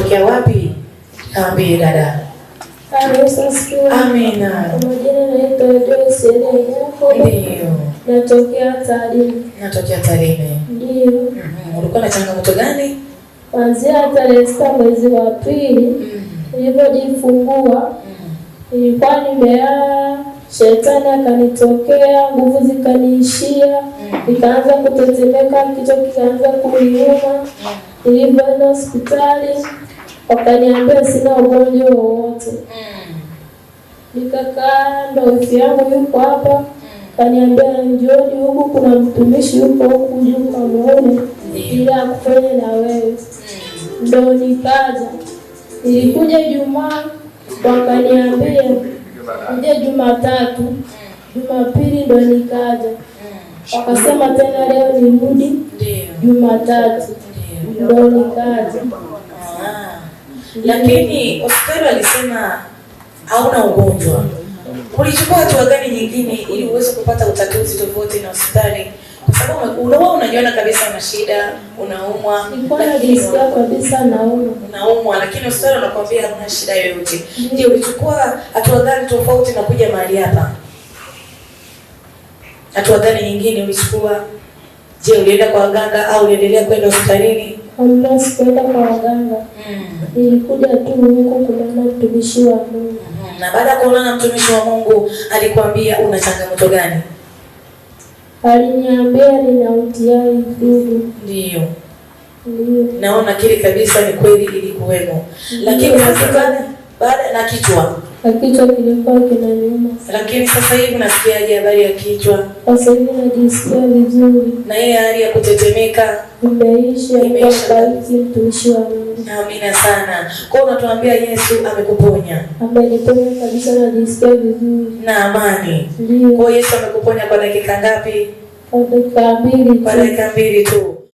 umetokea wapi? Kaambie dada. Amina. Natokea Tarime. Natokea Tarime. Ndio. Mm-hmm. Ulikuwa na changamoto gani? Kuanzia tarehe sita mwezi wa pili mm-hmm. nilipojifungua mm-hmm. nilikuwa nimelala, shetani akanitokea, nguvu zikaniishia, nikaanza kutetemeka, kichwa kikaanza kuniuma. Nilipoenda hospitali wakaniambia sina ugonjwa wowote. Mm. Nikakaa, ndosi yangu yuko hapa, kaniambia njoni huku, kuna mtumishi yuko huku juu kamuone, ili akufanye na wewe. Mm. Ndo nikaja, nilikuja Jumaa, wakaniambia kuja Jumatatu, mm. Jumapili ndo nikaja, wakasema tena leo nirudi Jumatatu, ndo nikaja. Ah lakini hospitali walisema hauna ugonjwa. Ulichukua hatua gani nyingine ili uweze kupata utatuzi tofauti na hospitali? Kwa sababu unaona, unajiona kabisa una shida, unaumwa, unajisikia kabisa naumwa unaumwa, lakini hospitali wanakuambia hauna shida yoyote. Je, ulichukua hatua gani tofauti na kuja mahali hapa? Hatua gani nyingine ulichukua? Je, ulienda kwa waganga au uliendelea kwenda hospitalini? ambayo sikaenda kwa waganga mm. Nilikuja tu huku kunaona mtumishi wa Mungu mm Na baada ya kuonana mtumishi wa Mungu alikwambia una changamoto gani? Aliniambia nina UTI sugu. Ndio, naona kile kabisa, ni kweli ilikuwemo, lakini sasa baada na kichwa na kichwa kilikuwa kinaniuma. Lakini sasa hivi nasikiaje habari ya kichwa? Sasa hivi najisikia vizuri, na hii hali ya kutetemeka imeisha, imeisha kabisa, mtumishi wa Mungu. Naamini sana. Kwa hiyo unatuambia Yesu amekuponya? Ameniponya kabisa, najisikia vizuri na amani. Kwa hiyo Yesu amekuponya kwa dakika ngapi? Kwa dakika mbili, tu. kwa dakika mbili tu.